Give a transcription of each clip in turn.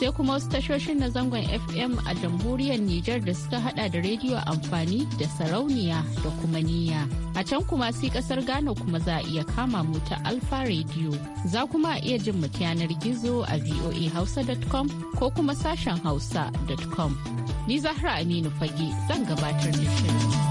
sai kuma wasu tashoshin na zangon FM a jamhuriyar Nijar da suka hada da rediyo amfani da sarauniya da kuma niyya. A can kuma sai kasar Ghana kuma za a iya kama mu ta Alfa Radio. Za kuma iya jin mu ta yanar gizo a voahausa.com ko kuma sashen hausa.com. Ni Zahra Aminu Fage zan gabatar da shirin.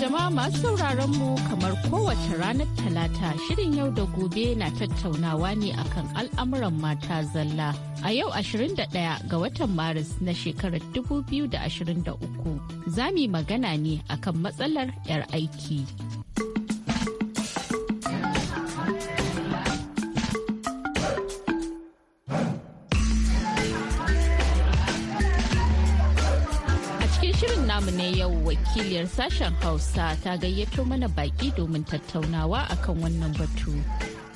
jama'a masu sauraron mu kamar kowace ranar talata shirin yau da gobe na tattaunawa ne akan al'amuran mata zalla a yau 21 ga watan maris na shekarar 2023 za mu magana ne akan matsalar 'yar aiki na yau wakiliyar sashen Hausa ta gayyato mana baki domin tattaunawa akan wannan batu.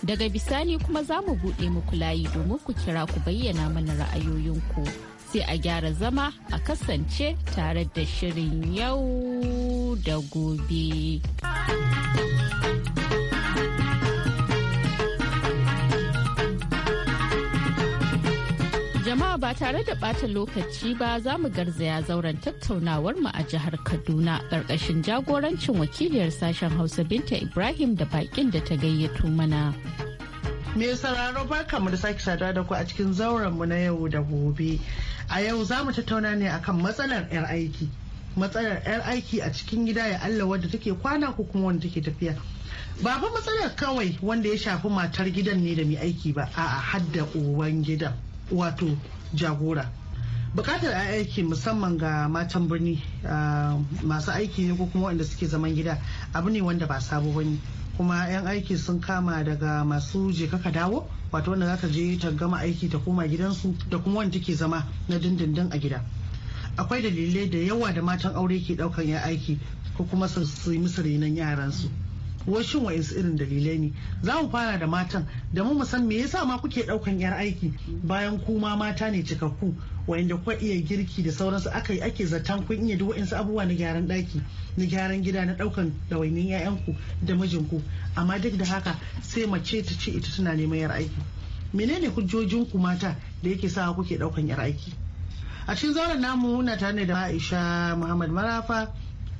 Daga bisani kuma za mu buɗe muku layi domin ku kira ku bayyana mana ra'ayoyinku. Sai a gyara zama a kasance tare da shirin yau da gobe. amma ba tare da bata lokaci ba za mu garzaya zauren tattaunawar mu a jihar kaduna ƙarƙashin jagorancin wakiliyar sashen hausa binta ibrahim da baƙin da ta gayyato mana me sauraro barka mu da sake saduwa da ku a cikin zauren mu na yau da gobe a yau za mu tattauna ne akan matsalar 'yar aiki matsalar 'yar aiki a cikin gida ya Allah wadda take kwana ko kuma wanda take tafiya ba fa matsalar kawai wanda ya shafi matar gidan ne da mai aiki ba a'a hadda uban gidan wato jagora bukatar a aiki musamman ga matan birni masu aiki ne ko kuma wanda suke zaman gida abu ne wanda ba sabo bane kuma 'yan aiki sun kama daga masu je kaka dawo wato wanda zaka je ta gama aiki ta koma gidansu da kuma wanda ke zama na dindindin a gida akwai dalilai da yawa da matan aure ke daukan 'yan aiki ko kuma su yi musu renon yaransu washin wa irin dalilai ne za mu fara da matan da mu san me yasa ma kuke daukan yar aiki bayan kuma mata ne cikakku wayanda kuka iya girki da sauransu aka ake zaton kun iya duk wa'insu abubuwa na gyaran daki na gyaran gida na daukan dawainin 'ya'yanku da mijinku amma duk da haka sai mace ta ce ita tana neman yar aiki menene hujjojinku mata da yake sawa kuke daukan yar aiki a cikin zauren namu muna tare da Aisha Muhammad Marafa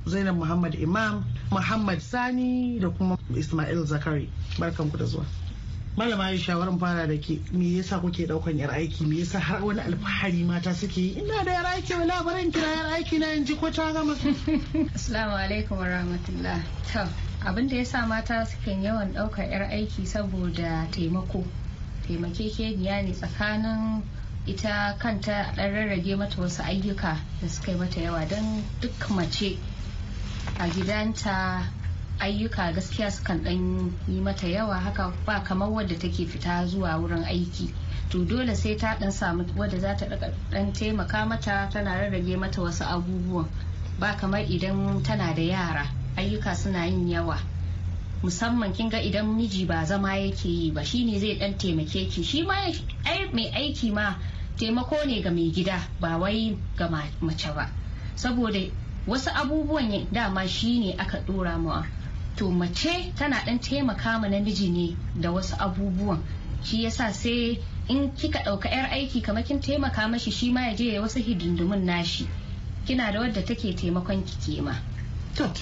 zainab muhammad imam muhammad sani da kuma ismail zakari barkanku da zuwa malama ya shawarar fara da ke me yasa kuke daukan yar aiki me yasa har wani alfahari mata suke yi ina da yar aiki wala barin kira yar aiki na yanzu ko ta gama assalamu alaikum warahmatullah to abin da yasa mata suke yawan daukar yar aiki saboda taimako taimake taimakekeniya ne tsakanin ita kanta ɗan rarrage mata wasu ayyuka da suka yi mata yawa don duk mace a gidanta ayyuka gaskiya sukan dan yi mata yawa haka ba kamar wadda take fita zuwa wurin aiki to dole sai ta dan samu wadda za ta dan taimaka mata tana rarrage mata wasu abubuwan ba kamar idan tana da yara ayyuka suna yin yawa musamman kin ga idan miji ba zama yake yi ba shine zai dan taimake ki shi ma mai aiki ma taimako ne ga mai gida ba wai ga mace ba saboda wasu abubuwan dama shi ne aka dora mu to mace tana dan taimaka ma namiji ne da wasu abubuwan shi yasa sai in kika dauka 'yar aiki kamar kin taimaka mashi shi ma ya je ya wasu hidindimun nashi kina da wadda take taimakon ki kema tot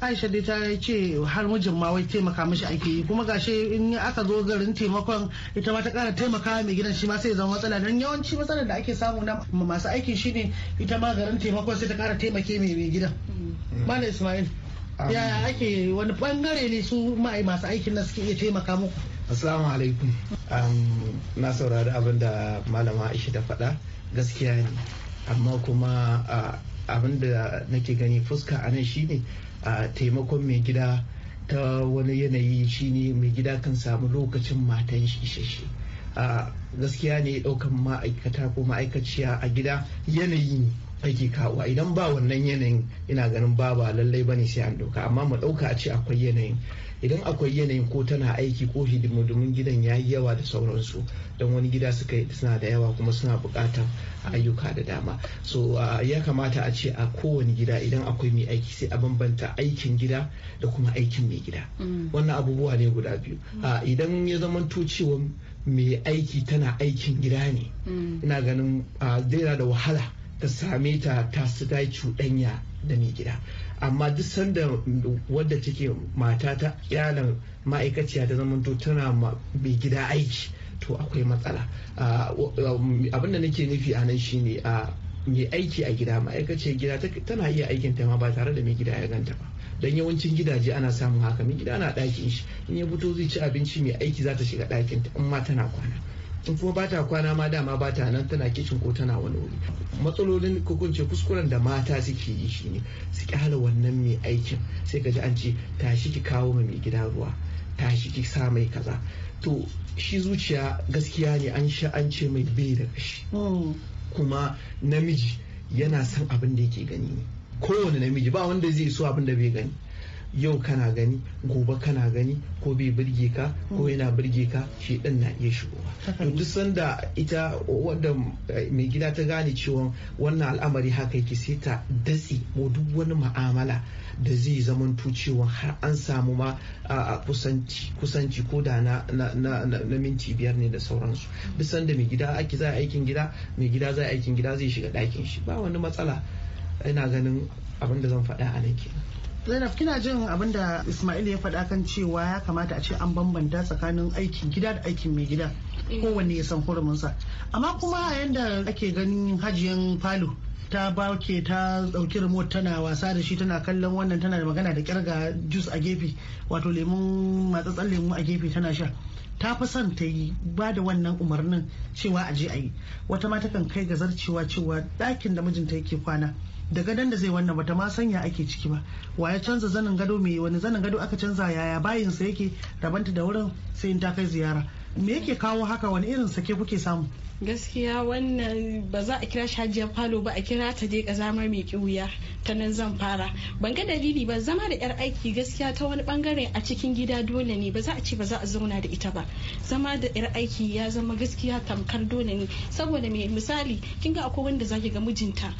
aisha dai ta ce har mijin ma wai taimaka mishi ake yi kuma gashi in aka zo garin taimakon ita ma ta kara taimaka mai gidan shi ma sai zama matsala don yawanci matsalar da ake samu na masu aiki shine ita ma garin taimakon sai ta kara taimake mai gidan mm. malam ismail yaya ake wani bangare ne su masu aikin na suke iya taimaka muku assalamu alaikum na saurari abin malama aisha ta faɗa gaskiya ne amma kuma abin da nake gani fuska a nan shine a taimakon mai gida ta wani yanayi shine mai gida kan samu lokacin matan shi isasshe a gaskiya ne daukan ma'aikata ko ma'aikaciya a gida yanayi ne aiki kawo idan ba wannan yanayin ina ganin ba ba lallai bane sai an dauka amma mu dauka a ce akwai yanayin idan akwai yanayin ko tana aiki ko domin gidan ya yi yawa da sauransu don wani gida suka suna da yawa kuma suna buƙatar ayyuka da dama so ya kamata a ce a kowane gida idan akwai mai aiki sai a bambanta aikin gida da kuma aikin mai gida mm. wannan abubuwa ne guda biyu mm. idan ya zamanto cewa mai aiki tana aikin gida ne mm. ina ganin zai da wahala ta same ta ta su dai cuɗanya da mai gida amma duk sanda wadda take mata ta yalan ma'aikaciya ta zamanto tana mai gida aiki to akwai matsala abin da nake nufi a nan shine a mai aiki a gida ma'aikaciyar gida tana iya aikin ta ma ba tare da mai gida ya ganta ba don yawancin gidaje ana samun haka mai gida na ɗakin shi in ya fito zai ci abinci mai aiki za ta shiga ɗakin ta in ma tana kwana in kuma ba ta kwana ma dama ba ta nan tana kicin ko tana wani wuri matsalolin ko kuskuren da mata suke yi shi ne su kyala wannan mai aikin sai ka an ce tashi ki kawo ma mai gida ruwa tashi ki sa mai kaza to shi zuciya gaskiya ne an sha an ce mai bai da kashi hmm. kuma namiji yana son abin da yake gani ne kowane namiji ba wanda zai so abin da bai gani yau kana gani gobe kana gani ko bai birge ka ko mm. yana birge ka shi din na iya shigo to duk sanda ita wanda eh, mai gida ta gane cewa wannan al'amari haka yake sai ta datse ko duk wani ma'amala da zai zama cewa har an samu ma a kusanci kusanci ko da na minti biyar ne da sauransu duk sanda mai gida ake za aikin gida mai gida za aikin gida zai shiga ɗakin shi ba wani matsala ina ganin abin da zan faɗa a nan kenan Zainab kina jin abin da Ismail ya faɗa kan cewa ya kamata a ce an bambanta tsakanin aikin gida da aikin mai gida eh. kowanne ya san huruminsa. Amma kuma a yanda ake ganin hajiyan falo ta bauke ta dauki remote tana wasa da shi tana kallon wannan tana da magana da kirga juice a gefe wato lemun matsatsan lemu a gefe tana sha ta fi son ta yi ba da wannan umarnin cewa a je a yi wata ma kan kai ga zarcewa cewa ɗakin da mijinta yake kwana da gadon da zai wannan bata ma sanya ake ciki ba wa ya canza zanin gado mai wani zanin gado aka canza yaya bayin sa yake rabanta da wurin sai in ta kai ziyara me yake kawo haka wani irin sake kuke samu gaskiya wannan ba za a kira shi hajiya falo ba a kira ta dai kazamar mai kiwuya ta nan zan fara ban ga dalili ba zama da yar aiki gaskiya ta wani bangare a cikin gida dole ne ba za a ce ba za a zauna da ita ba zama da yar aiki ya zama gaskiya tamkar dole ne saboda mai misali kin ga akwai wanda zaki ga mijinta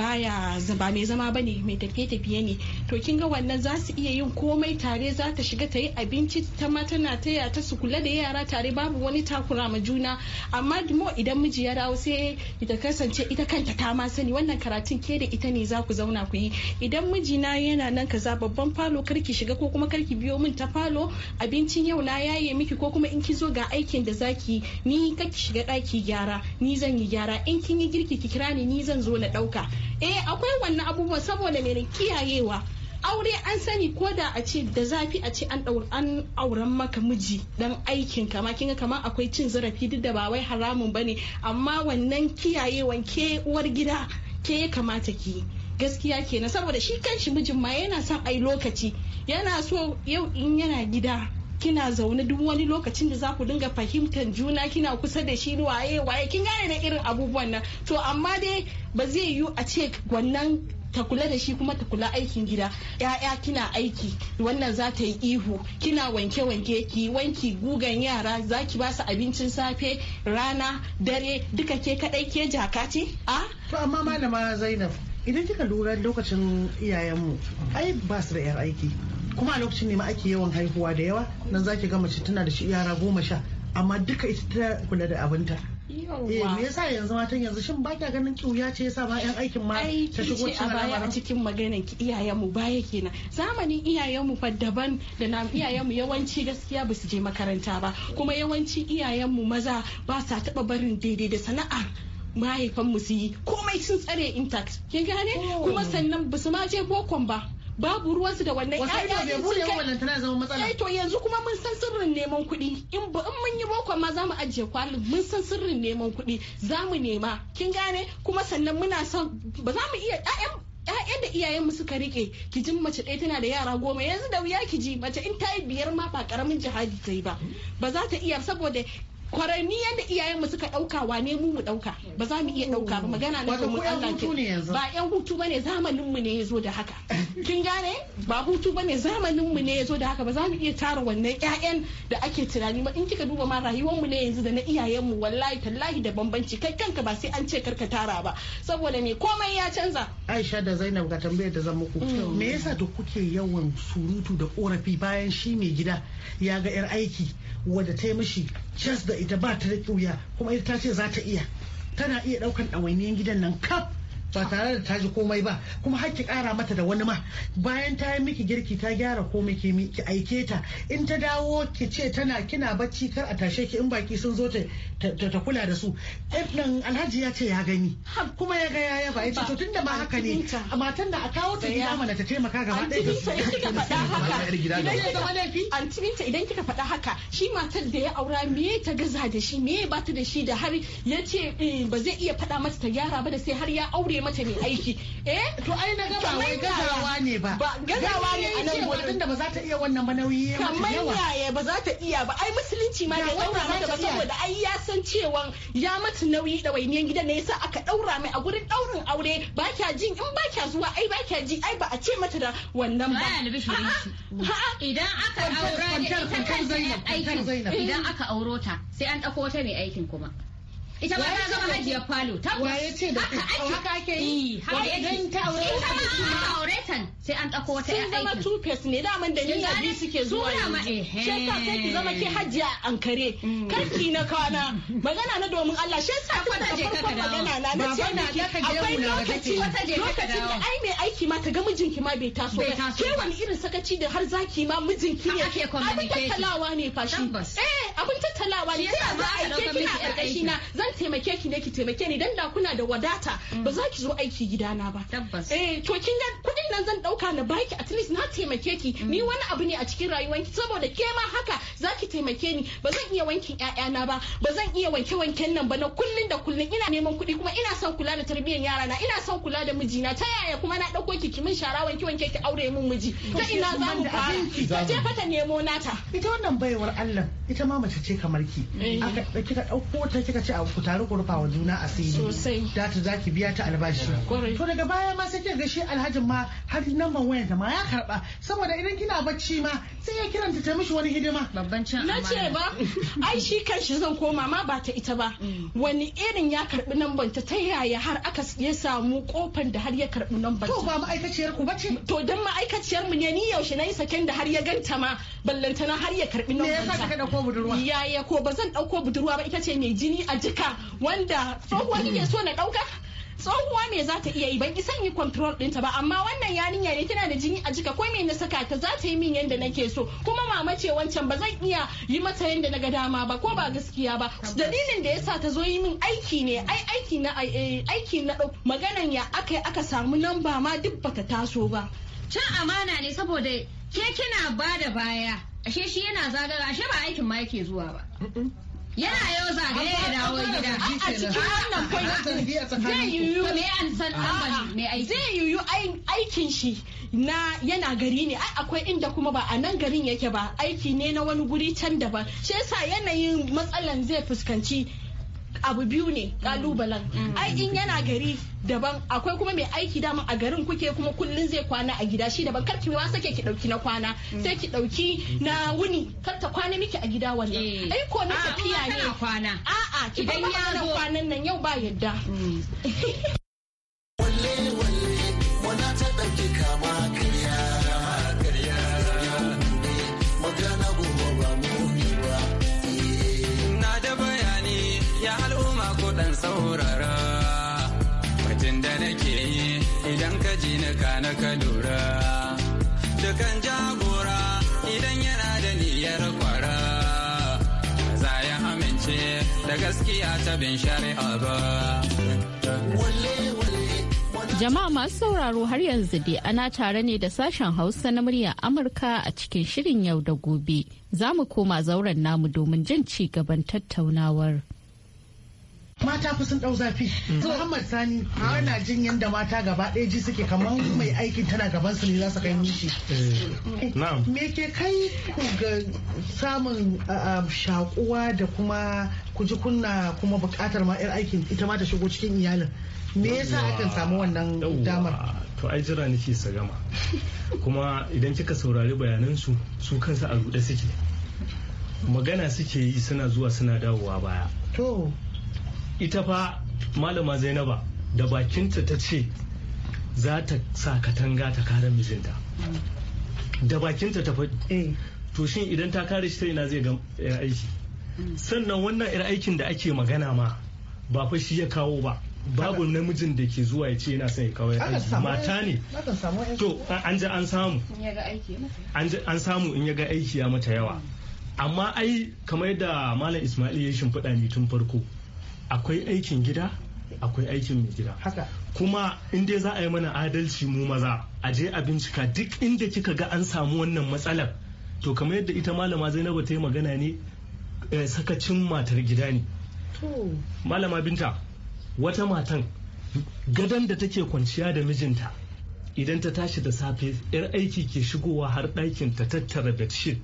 baya ba mai zama ba ne mai tafiye-tafiye ne to kin ga wannan za su iya yin komai tare za ta shiga ta yi abinci ta ma tana taya ta su kula da yara tare babu wani takura ma juna amma mo idan miji ya dawo sai ita kasance ita kanta ta ma sani wannan karatun ke da ita ne za ku zauna ku yi idan na yana nan kaza babban falo karki shiga ko kuma karki biyo min ta falo abincin yau na yaye miki ko kuma in ki zo ga aikin da zaki ni ki shiga daki gyara ni zan yi gyara in kin yi girki ki kira ni ni zan zo na dauka eh akwai wannan abubuwa saboda mai kiyayewa aure an sani ko da a ce da zafi a ce an an auren maka miji dan aikin kama kinga kama akwai cin zarafi duk da ba wai haramun bane amma wannan kiyayewan ke uwar gida ke ya kamata ki gaskiya kenan saboda shi kanshi mijin ma yana son ai lokaci yana so yau in yana gida kina zaune duk wani lokacin da za ku dinga fahimtar juna kina kusa da shi waye waye kin gane na irin abubuwan nan to amma dai ba zai yiwu a ce wannan ta kula da shi kuma ta kula aikin gida ya'ya kina aiki wannan za ta yi ihu kina wanke wanke ki wanki gugan yara za ki ba su abincin safe rana dare duka ke kadai ke jaka ce a to amma malama zainab idan kika lura lokacin iyayenmu ai ba su da yar aiki kuma a lokacin ne ma ake yawan haihuwa da yawa nan zaki ga mace tana da shi yara goma sha amma duka ita ta kula da abinta eh me yasa yanzu matan yanzu shin ba kya ganin kiuya ce yasa ba yan aikin ma ta shigo cikin baya a cikin maganar ki iyayen mu baya kenan zamanin iyayen mu fa daban da na iyayen mu yawanci gaskiya ba su je makaranta ba kuma yawanci iyayen mu maza ba sa taba barin daidai da sana'a mahaifan mu su yi komai sun tsare intact kin gane oh. kuma sannan ba su ma je bokon ba babu ruwansu da wannan ƴaƴa ne bude yawan wannan tana zama matsala eh to yanzu kuma mun san sirrin neman kuɗi in ba in mun yi bokon ma zamu ajiye kwalin mun san sirrin neman kuɗi zamu nema kin gane kuma sannan muna son ba za mu iya ƴaƴan ƴaƴan da mu suka rike kijin mace ɗaya tana da yara goma yanzu da wuya kiji mace in ta yi biyar ma ba karamin jihadi ta yi ba ba za ta iya saboda kwaranni yadda iyayenmu suka ɗauka wane mu mu ɗauka ba za mu iya ɗauka ba magana na mu Allah ke ba yan hutu bane zamanin mu ne yazo da haka kin gane ba hutu bane zamanin mu ne yazo da haka ba za mu iya tara wannan ƴaƴan da ake tunani ba in kika duba ma rayuwar mu ne yanzu da na iyayen mu wallahi tallahi da bambanci kai kanka ba sai an ce karka tara ba saboda me komai ya canza Aisha da Zainab ga tambayar da zan muku mm. me yasa da kuke yawan surutu da korafi bayan shi mai gida ya ga yar aiki wadda ta yi mishi cas da ita ba ta da ƙuya kuma ita ta ce za ta iya tana iya ɗaukan ɗawainiyan gidan nan kaf ba tare da ta ji komai ba kuma har ki kara mata da wani ma bayan ta yi miki girki ta gyara komai ki ki aike ta in ta dawo ki ce tana kina bacci kar a tashe ki in baki sun zo ta ta kula da su ɗan alhaji ya ce ya gani kuma ya ga yaya ba ya to tunda ma haka ne matan da a kawo ta gida mana ta taimaka gaba ɗaya da su idan kika faɗa haka idan kika zama laifi antiminta idan kika faɗa haka shi matar da ya aura me ta gaza da shi me ba ta da shi da har ya ce eh, ba zai iya faɗa mata ta gyara ba da sai har ya aure mata mai aiki eh to ai na gaba wai gazawa ne ba gazawa ne a nan gobe tunda ba za ta iya wannan ba nauyi ya mata yawa. kamar yaya ba za ta iya ba ai musulunci ma da daura mata ba saboda ai ya san cewa ya mata nauyi da wainiyan gidan ne yasa aka daura mai a gurin daurin aure ba kya jin in ba kya zuwa ai ba kya ji ai ba a ce mata da wannan ba idan aka aura idan aka auro ta sai an ɗauko wata mai aikin kuma ita ma ta zama hajiyar falo tabbas waye ce da haka ake yi haka idan ta aure ita ma an aure ta sai an dako wata ya aiki sun zama two face ne da man da ni da bi suke zuwa yanzu sai ka sai ki zama ki hajiya ankare mm. karki na kwana. magana na domin Allah shi yasa ka da farkon magana na na ce na akwai lokaci lokacin da ai mai aiki ma ta ga mijinki ma bai taso ba ke wani irin sakaci da har zaki ma mijinki ne abin tattalawa ne fashi eh abin tattalawa ne sai a aike kina karkashi na zan na taimake ki ne ki taimake ni dan da kuna da wadata mm. ba za ki zo aiki gidana ba tabbas eh to kin ga kudin nan zan dauka na baki at least na taimake ki mm. ni wani abu ne a cikin rayuwanki saboda ke ma haka za ki taimake ni ba zan iya wankin ƴaƴana ba ba zan iya wanke wanken nan ba na kullun da kullun ina neman kuɗi kuma ina son kula da tarbiyyar yara na ina son kula da mijina ta yaya kuma na dauko ki ki min shara wanke wanke ki aure min miji ta ina za mu fara ta je ta nemo nata ita wannan baiwar Allah ita ma mace ce kamar ki eh. aka kika dauko ta kika ce a ku taru ku rufa wa juna asiri sosai da ta za ki biya ta albashi to daga baya ma sai ga shi alhajin ma har namban wayan ta ma ya karba saboda idan kina bacci ma sai ya kiranta ta mishi wani hidima babban can na ce ba ai shi kanshi zan koma ma ba ta ita ba mm. wani irin ya karbi namban ta ta yaya har aka ya samu kofan da har ya karbi namban to ba ma'aikaciyar ku bace to dan ma'aikaciyar mu ne ni yaushe nayi saken da har ya ganta ma ballantana har ya karbi namban ta ne yasa ka dauko budurwa yaya ko ba zan dauko budurwa ba ita ce mai jini a jika wanda tsohuwa ne so na dauka tsohuwa me za ta iya yi ban isan yi control dinta ba amma wannan yarinya ne tana da jini a jika ko me na saka ta za ta yi min yanda nake so kuma mama ce wancan ba zan iya yi mata yanda na ga dama ba ko ba gaskiya ba dalilin da yasa ta zo yi min aiki ne ai aiki na eh, aiki na maganan ya aka aka samu namba ma duk bata taso ba can amana ne saboda ke kina ba da baya ashe shi yana zagara ashe ba aikin ma yake zuwa ba yana yau zagaye ya dawo gida a cikin wannan kai zai yiwu me an san mai zai yiwu aikin shi na yana gari ne ai akwai inda kuma ba a nan garin yake ba aiki ne na wani guri can daban shi yasa yanayin matsalan zai fuskanci abu biyu ne kalubalen mm. ai in yana gari daban akwai kuma mai aiki daman a garin kuke kuma kullun zai kwana a gida shi daban karki wa sake ki dauki na kwana mm. sai ki dauki na wuni kar ta kwana miki a gida wannan eh. ai ko na tafiya ne a a ki ba kwanan nan yau ba yadda mm. na kadura dukan jagora idan yana da niyyar kwara za ya amince da gaskiya ta bin shari'a ba Jama'a masu sauraro har yanzu dai ana tare ne da sashen Hausa na muryar Amurka a cikin shirin yau da gobe. Za mu koma zauren namu domin jin ci gaban tattaunawar. mata fa sun dau zafi mm. Muhammad Sani ana jin yanda mata gaba ɗaya ji suke kamar mai aikin tana gaban su ne za su kai mishi eh. me ke kai ku ga samun shakuwa da kuma ku ji kunna kuma buƙatar ma yar aikin ita ma ta shigo cikin iyalin me yasa akan samu wannan damar to ai jira nake sa gama kuma idan kika saurari bayanan su su kansu a rude suke magana suke yi suna zuwa suna dawowa baya to ita fa malama zainaba da bakinta ta ce za ta sa katanga ta kare mijinta da bakinta ta eh. to shin idan ta kare shi ta na zai ga aiki sannan wannan irin aikin da ake magana ma ba fa shi ya kawo ba babu namijin da ke zuwa ya ce yana son ya aiki mata ne to an ji an samu an samu in ya ga aiki ya mata yawa mm. amma ai kamar da malam ismail ya shimfiɗa ni tun farko akwai aikin gida akwai aikin mai gida kuma in dai za a yi mana adalci mu maza a je a bincika duk inda kika ga an samu wannan matsalar to kamar yadda ita malama zainabu ta yi magana ne eh, sakacin matar gida ne malama binta wata matan gadon da take kwanciya da mijinta idan ta tashi da safe yar aiki ke shigowa har ɗakin ta tattara bedsheet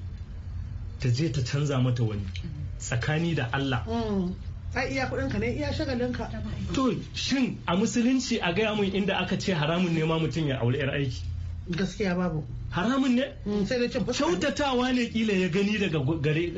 ta je ta canza mata wani mm. tsakani da Allah mm. a iya kudin ka ne iya shagalin ka to shin a musulunci a gaya mun inda aka ce haramun ne ma mutum ya aure yar aiki gaskiya babu haramun ne mm, sai da cin kyautatawa ne kila ya gani daga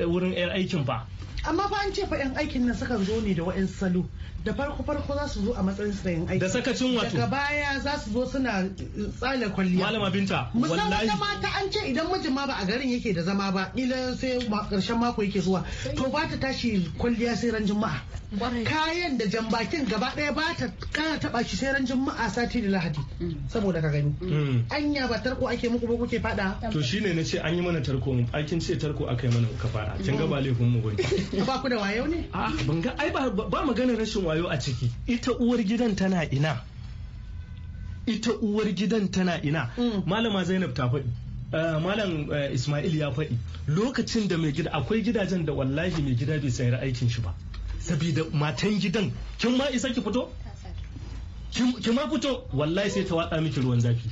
wurin yar aikin fa amma fa an ce fa yan aikin nan sukan zo ne da wa'in salo da farko farko za su zo a matsayin sayan aiki da sakacin wato daga baya za su zo suna eh, tsala kwalliya malama binta musamman mata an ce idan mijin ma ba a garin yake da zama ba ila sai karshen mako yake zuwa to ba ta tashi kwalliya sai ran juma'a kayan da jambakin gaba daya ba ta kana taba shi sai ran juma'a sati da lahadi mm. saboda ka gani mm. anya ba tarko ake muku ba kuke fada to shine na ce an yi mana tarko mu akin ce tarko akai mana ka fada kin ga ba mm. laifin mu bane ba ku da wayo ne a ah, ban ga ai ba magana rashin wayo a ciki ita uwar gidan tana ina ita uwar gidan tana ina mm. malama zainab ta faɗi eh, malam eh, ismail ya faɗi lokacin da mai gida akwai gidajen da wallahi mai gida bai sayar aikin shi ba sabida matan gidan kin ma isa ki fito ki ma fito wallahi sai ta watsa miki ruwan zafi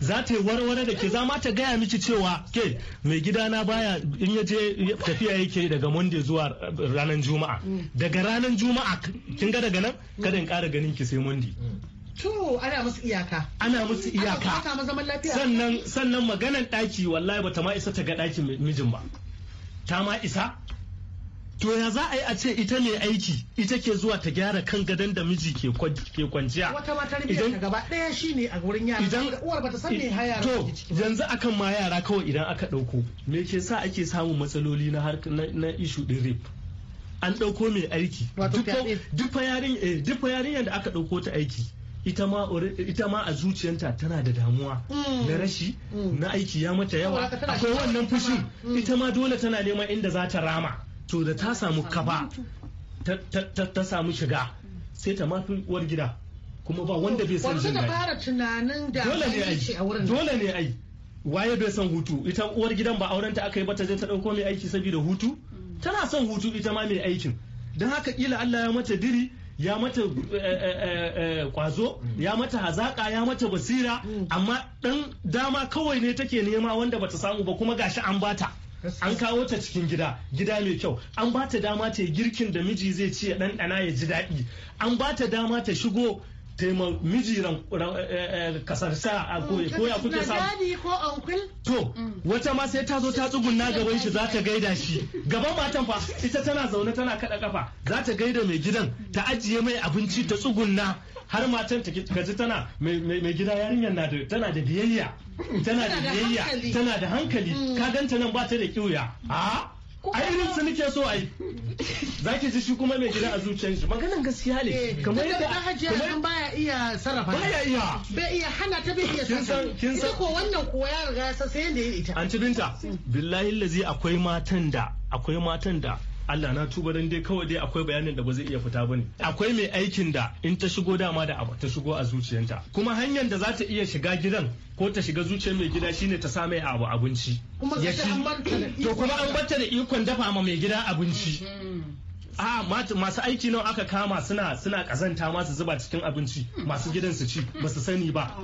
za ta yi warware da ke za ma ta gaya miki cewa ke mai gida na baya in ya je tafiya yake daga monday zuwa ranar juma'a mm. daga ranar juma'a kin ga daga nan mm. kada in kara ganin ki sai monday mm. To ana musu iyaka. Ana musu iyaka. Ana zaman lafiya. Sannan sannan maganan ɗaki wallahi bata ma isa ta ga ɗakin mijin ba. Ta ma isa to ya za a yi a ce ita ne aiki ita ke zuwa ta gyara kan gadon da miji ke kwanciya wata matar biyar ta gaba shi shine a wurin yara idan uwar bata san me yara to yanzu akan ma yara kawai idan aka ɗauko me ke sa ake samun matsaloli na na ishu ɗin rape an ɗauko mai aiki duk eh, yarinyar da aka ɗauko ta aiki ita ma a zuciyanta tana da damuwa mm. na rashi mm. na aiki ya mata yawa akwai wannan fushin mm. ita ma dole tana neman inda za ta rama to da ta samu kaba ta samu shiga sai ta mafi uwar gida kuma ba wanda bai san jin daɗi dole ne ai waye bai son hutu ita uwar gidan ba auren ta aka yi ba ta je ta dauko mai aiki saboda hutu tana son hutu ita ma mai aikin don haka kila Allah ya mata diri ya mata kwazo eh, eh, eh, ya mata hazaka ya mata basira mm. amma dan dama kawai ne take nema wanda bata samu ba kuma gashi an bata an kawo ta cikin gida gida mai kyau an ba ta dama ta girkin da miji zai ci ya ɗanɗana ya ji daɗi an ba ta dama ta shigo taima miji ran eh, eh, kasarsa a ko ya kuke sa to mm. wata ma sai ta zo ta tsugunna gaban shi za ta gaida shi gaban matan fa ita tana zaune tana kada kafa za ta gaida mai gidan ta ajiye mai abinci ta tsugunna har matan ta gaji tana mai gida yarinyar na tana da biyayya tana da biyayya tana da hankali mm. ka ganta nan ba ta da kiuya a a irin su nake so ai za ki ji shi kuma mai gida a zuciyar shi maganan gaskiya ne eh, kamar yadda dan hajiya nan baya iya sarrafa baya iya bai iya hana ta bai iya kin san kin san ko wannan ko ya riga sai yanda ya ita ci binta billahi lazi akwai matan da akwai matan da Allah na tuba dan dai kawai dai akwai bayanin da ba zai iya fita ba bane akwai mai aikin da in ta shigo dama da abu ta shigo a zuciyanta kuma hanyar da za ta iya shiga gidan ko ta shiga zuciyar mai gida shine ta sa mai abu abinci to kuma an batta da ikon dafa ma mai gida abinci mm-hmm. ah, a masu aiki nawa aka kama suna suna kazanta masu zuba cikin abinci masu gidan su ci ba su sani ba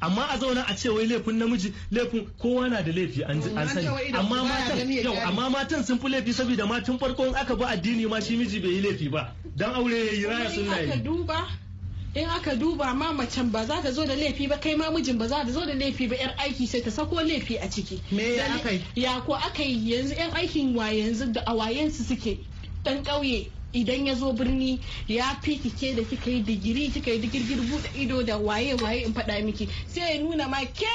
amma a zauna a ce wai laifin namiji laifin kowa na da laifi an sani amma matan yau amma matan sun fi laifi saboda ma tun farko in aka bi addini ma shi miji bai yi laifi ba dan aure yayi raya sun yi in aka duba ma macen ba za ta zo da laifi ba kai ma mijin ba za ta zo da laifi ba yar aiki sai ta sako laifi a ciki me ya akai ya ko akai yanzu yan aikin wa yanzu da su suke dan kauye. idan ya zo birni ya fi kike da kika yi digiri kika yi digirgir buɗe ido da waye waye in faɗa miki sai ya nuna ma ke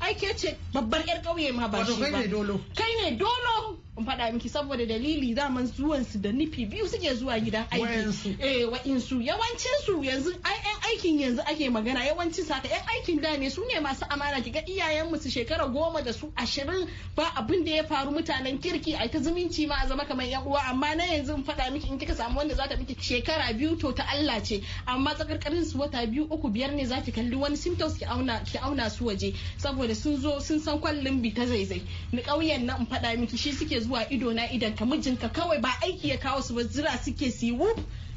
ai ke ce babbar yar ƙauye ma ba shi ba kai ne dolo kai ne dolo in faɗa miki saboda dalili zaman zuwan su da nufi biyu suke zuwa gidan aiki eh wa'insu yawancin su yanzu ai aikin yanzu ake magana yawancin sata yan aikin da ne su ne masu amana ki ga iyayen mu su shekara goma da su ashirin ba abin da ya faru mutanen kirki ai ta zumunci ma a zama kamar yan uwa amma na yanzu in faɗa miki in kika samu wanda za ta miki shekara biyu to ta Allah ce amma tsakarkarin su wata biyu uku biyar ne za ki kalli wani symptoms ki auna ki auna su waje saboda sun zo sun san kwallon bi ta zaizai ni ƙauyen nan in faɗa miki shi suke zuwa zuwa ido na idan ka mijinka kawai ba aiki ya kawo su ba zira suke siwu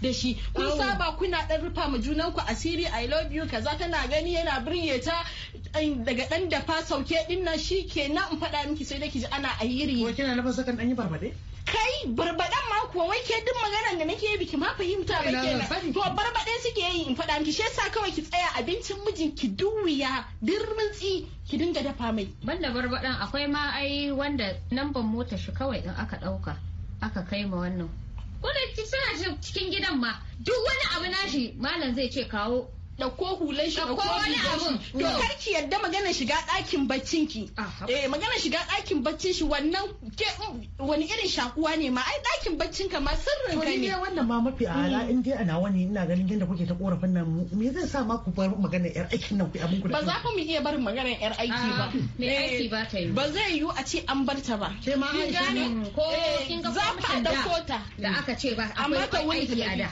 da shi kun saba kuna dan rufa ma junan ku asiri i love you kaza kana gani yana birye ta daga dan dafa sauke din nan shikenan in faɗa miki sai da ji ana ayiri ko kina nufin sakan dan yi barbade kai barbaɗan ma kuwa wai ke duk maganar da nake biki ma fahimta ba kenan to barbaɗe suke yi in faɗa miki shi yasa kawai ki tsaya abincin mijin ki duwiya dirmitsi ki dinga dafa mai banda barbaɗan akwai ma ai wanda namban mota shi kawai in aka ɗauka aka kai ma wannan wannan suna cikin gidan ma duk wani abu nashi malam zai ce kawo dauko hulan shi dauko wani abun to mm. kar ki yadda magana shiga dakin baccin ki eh magana shiga dakin baccin shi wannan ke wani irin shakuwa ne ma ai dakin baccin ka ma sirrin ka ne wannan ma mafi ala mm. in dai ana wani ina ganin yanda kuke ta korafin nan me zai sa ma ku bar magana yar aikin nan ku abin ku ba za ku mu iya bar magana yar aiki ba ah, me eh, aiki ba ta yi ba zai yiwu a ce an bar ta ba ke ma ko eh, kin ga za ka dauko ta da aka ce ba akwai aiki a da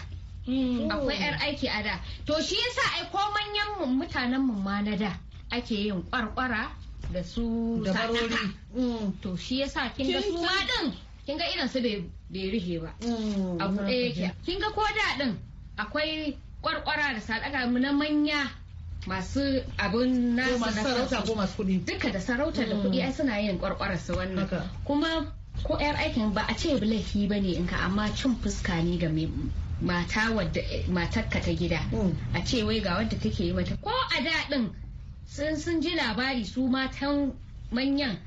Mm. akwai yar aiki a da to shi yasa ai ko manyan mutanen mu ma na da ake yin kwarkwara da su sadaka mm. to shi yasa kin ga su ma din kin ga irin su bai rufe ba mm. abu ɗaya yake kin ga ko da din akwai kwarkwara da sadaka na manya masu abun nasu na sarauta ko masu kuɗi duka da sarauta da kuɗi ai suna yin kwarkwara su wannan kuma ko yar aikin ba a ce laifi ba ne in ka amma cin fuska ne ga mai mata wadda eh, matarka ta gida mm. a ce wai ga wadda take yi mata ko a daɗin sun sun ji labari su matan manyan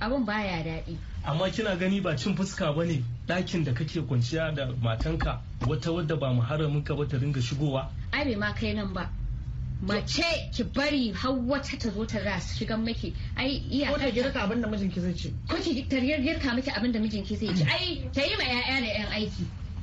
abin baya daɗi amma kina gani ba cin fuska ba ne ɗakin da kake kwanciya da matanka wata wadda ba muharramin ka ba ta ringa shigowa ai bai ma kai nan ba mace ki bari har wata ta zo ta rasu shigan maki ai iya ko ta girka abin da mijinki zai ci ko ki girka miki abin da mijinki zai ci ai ta yi ma 'ya'ya da 'yan aiki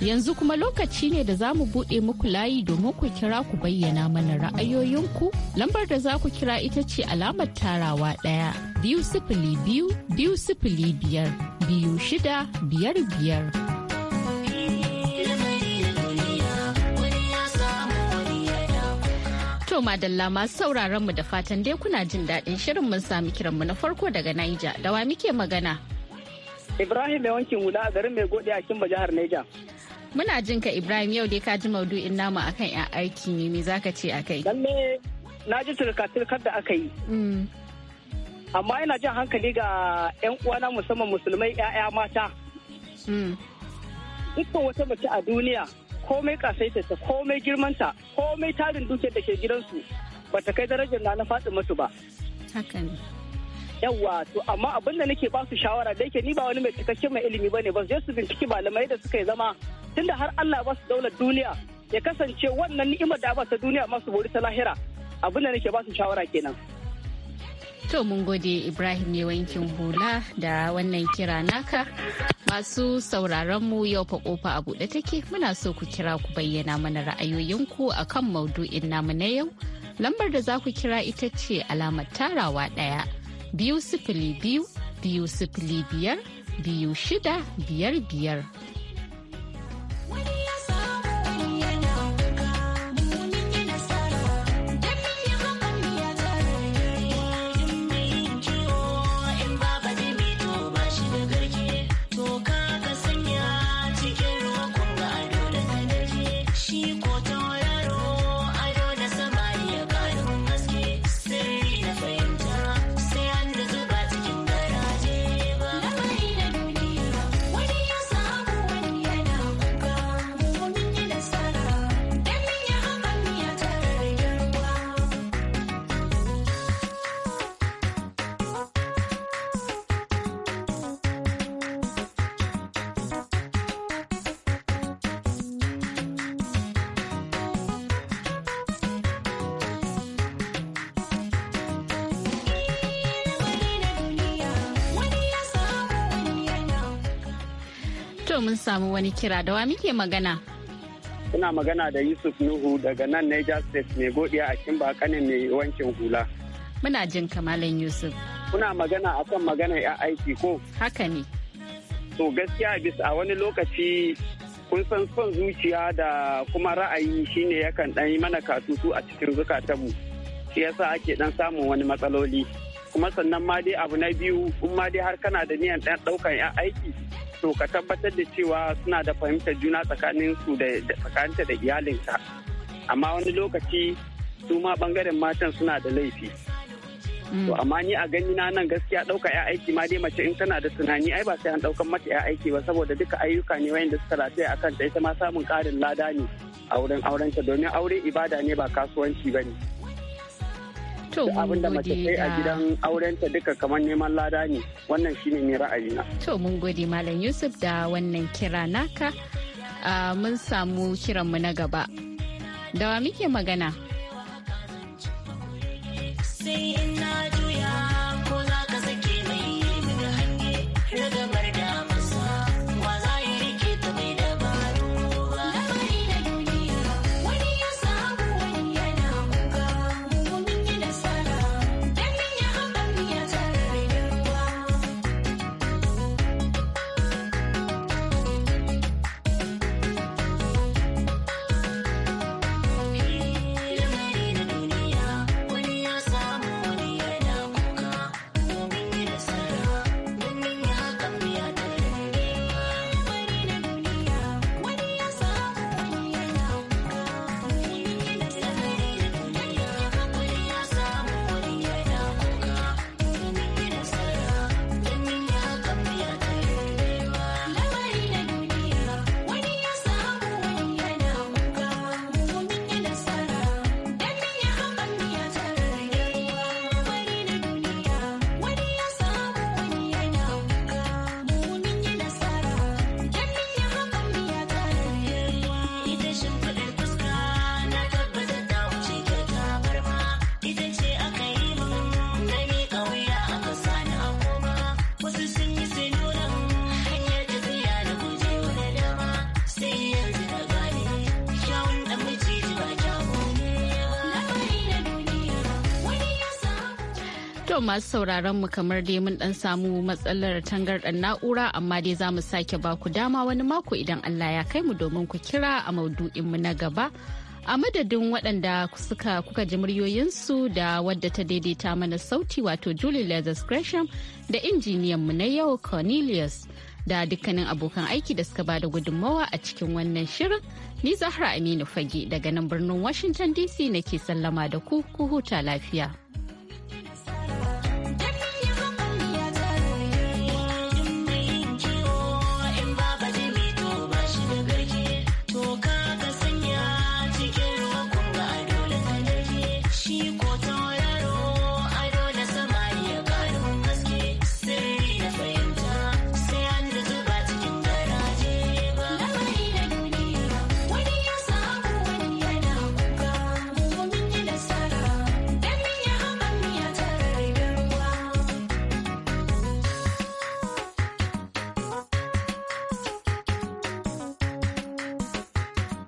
Yanzu kuma lokaci ne da za mu buɗe muku layi domin ku kira ku bayyana mana ra'ayoyinku. Lambar da za ku kira ita ce alamar tarawa ɗaya biyu sifili biyu biyu sifili biyar biyu shida biyar biyar. To madalla masu sauraron mu da fatan dai kuna jin daɗin shirin mun sami kiranmu na farko daga Niger. Da wa muke magana? Ibrahim mai wankin hula a garin mai gode a Kimba jihar Niger. Muna jin ka Ibrahim yau dai ka ji maudu'in nama akan 'yan aiki ne me zaka ce a akai? Lalle na ji turka da aka yi. Mm. Amma yana jin hankali ga 'yan uwana musamman musulmai 'ya'ya mata. Mm. Dukkan wata mace a duniya komai ta komai girmanta komai tarin dukiyar da ke gidansu bata kai darajar na na faɗi mutu ba. yawa to amma abin da nake ba su shawara da yake ni ba wani mai cikakken mai ilimi bane ba zai su binciki malamai da suka yi zama tunda har Allah ba su daular duniya ya kasance wannan ni'imar da ba ta duniya masu bori ta lahira abin da nake ba su shawara kenan To mun gode Ibrahim ne wankin hula da wannan kira naka. Masu sauraron mu yau fa kofa a bude take muna so ku kira ku bayyana mana ra'ayoyinku akan maudu'in namu na yau. Lambar da za ku kira ita ce alamar tarawa ɗaya biyu sifili biyu biyu sifili biyar biyu shida biyar biyar mun samu wani kira da wa muke magana. Ina magana da Yusuf Nuhu daga nan Niger State mai godiya a Kimba kanin mai wankin hula. Muna jin kamalan Yusuf. Kuna magana akan magana ya aiki ko? Haka ne. To gaskiya bisa a wani lokaci kun san son zuciya da kuma ra'ayi shine yakan ɗan yi mana katutu a cikin zukatanmu. Shi yasa ake ɗan samun wani matsaloli. kuma sannan ma dai abu na biyu in ma dai har kana da niyan ɗan ɗaukan ya aiki to ka tabbatar da cewa suna da fahimtar juna tsakanin su da tsakaninta da iyalinka amma wani lokaci su ma bangaren matan suna da laifi to mm. amma ni a gani na nan gaskiya ɗauka ya aiki ma dai mace in tana da tunani ai ba sai an ɗaukan mata ya aiki ba saboda duka ayyuka ne wayanda suka lafiya akan ta ita ma samun karin lada ne a wurin aurenta domin aure ibada ne ba kasuwanci ba ne. duk abin da mace sai a gidan aurenta duka kamar neman lada ne wannan shine ra'ayina to mun gode malam yusuf da wannan kira naka mun samu kiranmu na gaba wa muke magana masu sauraron mu kamar dai mun dan samu matsalar tangarɗar na'ura amma dai za mu sake ba ku dama wani mako idan Allah ya kai mu domin ku kira a maudu'in mu na gaba. a madadin waɗanda suka kuka ji muryoyinsu da wadda ta daidaita mana sauti wato Julie Lazarus Gresham da injiniyan mu na yau Cornelius da dukkanin abokan aiki da suka bada gudunmawa a cikin wannan shirin ni Zahra Aminu Fage daga nan birnin Washington DC nake sallama da ku ku huta lafiya.